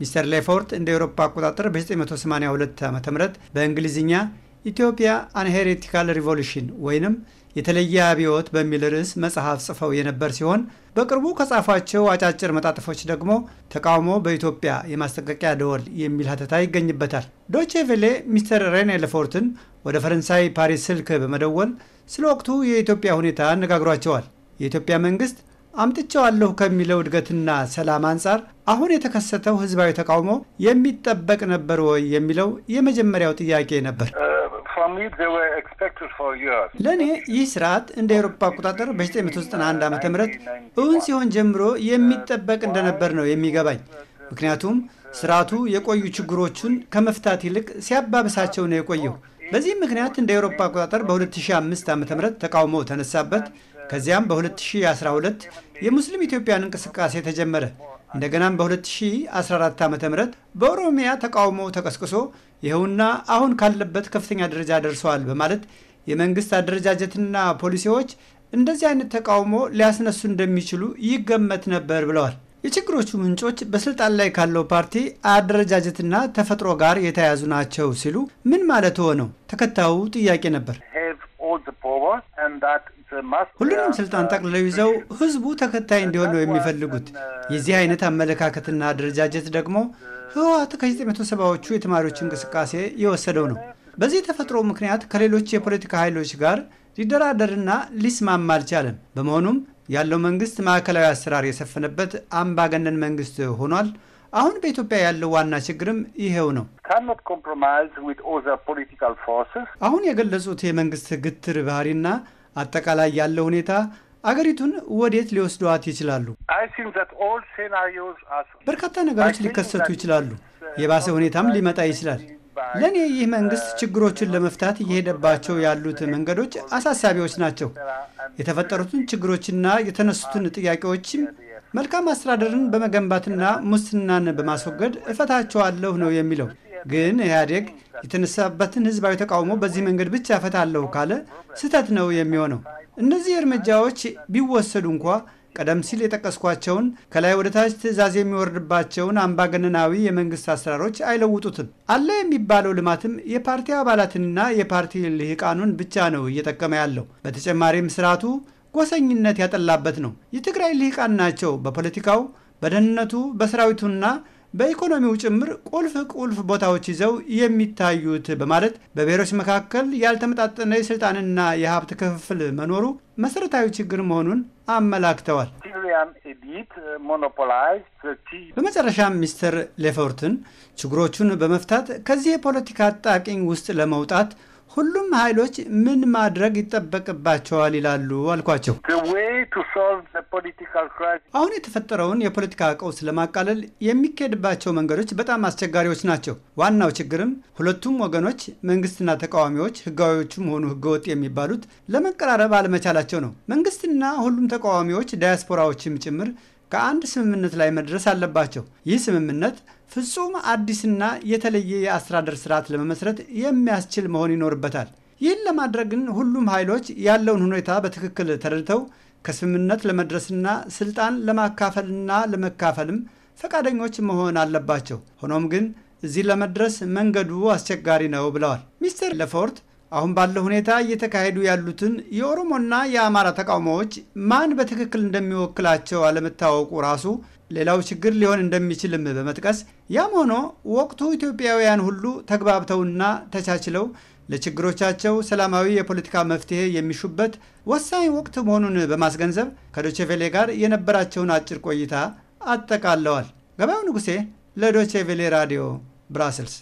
ሚስተር ሌፎርት እንደ ኤሮፓ አቆጣጠር በ 982 ዓ ም በእንግሊዝኛ ኢትዮጵያ አንሄሬቲካል ሪቮሉሽን ወይንም የተለየ አብዮት በሚል ርዕስ መጽሐፍ ጽፈው የነበር ሲሆን በቅርቡ ከጻፏቸው አጫጭር መጣጥፎች ደግሞ ተቃውሞ በኢትዮጵያ የማስጠንቀቂያ ደወል የሚል ሀተታ ይገኝበታል። ዶቼ ቬሌ ሚስተር ሬኔ ለፎርትን ወደ ፈረንሳይ ፓሪስ ስልክ በመደወል ስለ ወቅቱ የኢትዮጵያ ሁኔታ አነጋግሯቸዋል። የኢትዮጵያ መንግስት አምጥቼዋለሁ ከሚለው እድገትና ሰላም አንጻር አሁን የተከሰተው ህዝባዊ ተቃውሞ የሚጠበቅ ነበር ወይ የሚለው የመጀመሪያው ጥያቄ ነበር። uh, ለእኔ ይህ ስርዓት እንደ ኤሮፓ አቆጣጠር በ 991 ዓ ም እውን ሲሆን ጀምሮ የሚጠበቅ እንደነበር ነው የሚገባኝ። ምክንያቱም ስርዓቱ የቆዩ ችግሮቹን ከመፍታት ይልቅ ሲያባብሳቸው ነው የቆየው። በዚህም ምክንያት እንደ ኤሮፓ አቆጣጠር በ2005 ዓ ም ተቃውሞ ተነሳበት። ከዚያም በ2012 የሙስሊም ኢትዮጵያን እንቅስቃሴ ተጀመረ። እንደገናም በ2014 ዓ ም በኦሮሚያ ተቃውሞ ተቀስቅሶ ይኸውና አሁን ካለበት ከፍተኛ ደረጃ ደርሰዋል በማለት የመንግስት አደረጃጀትና ፖሊሲዎች እንደዚህ አይነት ተቃውሞ ሊያስነሱ እንደሚችሉ ይገመት ነበር ብለዋል። የችግሮቹ ምንጮች በስልጣን ላይ ካለው ፓርቲ አደረጃጀትና ተፈጥሮ ጋር የተያያዙ ናቸው ሲሉ ምን ማለት ሆነው ተከታዩ ጥያቄ ነበር። ሁሉንም ስልጣን ጠቅልለው ይዘው ህዝቡ ተከታይ እንዲሆን ነው የሚፈልጉት። የዚህ አይነት አመለካከትና አደረጃጀት ደግሞ ህወሓት ከ1970ዎቹ የተማሪዎች እንቅስቃሴ የወሰደው ነው። በዚህ ተፈጥሮ ምክንያት ከሌሎች የፖለቲካ ኃይሎች ጋር ሊደራደርና ሊስማማ አልቻለም። በመሆኑም ያለው መንግስት ማዕከላዊ አሰራር የሰፈነበት አምባገነን መንግስት ሆኗል። አሁን በኢትዮጵያ ያለው ዋና ችግርም ይሄው ነው። አሁን የገለጹት የመንግስት ግትር ባህሪና አጠቃላይ ያለ ሁኔታ አገሪቱን ወዴት ሊወስዷት ይችላሉ? በርካታ ነገሮች ሊከሰቱ ይችላሉ። uh, የባሰ ሁኔታም ሊመጣ ይችላል። ለእኔ ይህ መንግስት uh, ችግሮችን ለመፍታት እየሄደባቸው ያሉት መንገዶች አሳሳቢዎች ናቸው። የተፈጠሩትን ችግሮችና የተነሱትን ጥያቄዎችም መልካም አስተዳደርን በመገንባትና ሙስናን በማስወገድ እፈታቸዋለሁ ነው የሚለው። ግን ኢህአዴግ የተነሳበትን ህዝባዊ ተቃውሞ በዚህ መንገድ ብቻ ፈታለሁ ካለ ስህተት ነው የሚሆነው። እነዚህ እርምጃዎች ቢወሰዱ እንኳ ቀደም ሲል የጠቀስኳቸውን ከላይ ወደ ታች ትዕዛዝ የሚወርድባቸውን አምባገነናዊ የመንግስት አሰራሮች አይለውጡትም። አለ የሚባለው ልማትም የፓርቲ አባላትንና የፓርቲ ልሂቃኑን ብቻ ነው እየጠቀመ ያለው። በተጨማሪም ስርዓቱ ጎሰኝነት ያጠላበት ነው። የትግራይ ልሂቃን ናቸው በፖለቲካው፣ በደህንነቱ፣ በሰራዊቱና በኢኮኖሚው ጭምር ቁልፍ ቁልፍ ቦታዎች ይዘው የሚታዩት በማለት በብሔሮች መካከል ያልተመጣጠነ የስልጣንና የሀብት ክፍፍል መኖሩ መሰረታዊ ችግር መሆኑን አመላክተዋል። በመጨረሻም ሚስተር ሌፎርትን ችግሮቹን በመፍታት ከዚህ የፖለቲካ አጣቂኝ ውስጥ ለመውጣት ሁሉም ኃይሎች ምን ማድረግ ይጠበቅባቸዋል ይላሉ አልኳቸው። አሁን የተፈጠረውን የፖለቲካ ቀውስ ለማቃለል የሚካሄድባቸው መንገዶች በጣም አስቸጋሪዎች ናቸው። ዋናው ችግርም ሁለቱም ወገኖች መንግስትና ተቃዋሚዎች፣ ህጋዊዎቹም ሆኑ ህገወጥ የሚባሉት ለመቀራረብ አለመቻላቸው ነው። መንግስትና ሁሉም ተቃዋሚዎች ዳያስፖራዎችም ጭምር ከአንድ ስምምነት ላይ መድረስ አለባቸው። ይህ ስምምነት ፍጹም አዲስና የተለየ የአስተዳደር ስርዓት ለመመስረት የሚያስችል መሆን ይኖርበታል። ይህን ለማድረግ ሁሉም ኃይሎች ያለውን ሁኔታ በትክክል ተረድተው ከስምምነት ለመድረስና ስልጣን ለማካፈልና ለመካፈልም ፈቃደኞች መሆን አለባቸው። ሆኖም ግን እዚህ ለመድረስ መንገዱ አስቸጋሪ ነው ብለዋል ሚስተር ለፎርት። አሁን ባለው ሁኔታ እየተካሄዱ ያሉትን የኦሮሞና የአማራ ተቃውሞዎች ማን በትክክል እንደሚወክላቸው አለመታወቁ ራሱ ሌላው ችግር ሊሆን እንደሚችልም በመጥቀስ ያም ሆኖ ወቅቱ ኢትዮጵያውያን ሁሉ ተግባብተውና ተቻችለው ለችግሮቻቸው ሰላማዊ የፖለቲካ መፍትሄ የሚሹበት ወሳኝ ወቅት መሆኑን በማስገንዘብ ከዶቼቬሌ ጋር የነበራቸውን አጭር ቆይታ አጠቃለዋል። ገበያው ንጉሴ ለዶቼቬሌ ራዲዮ ብራስልስ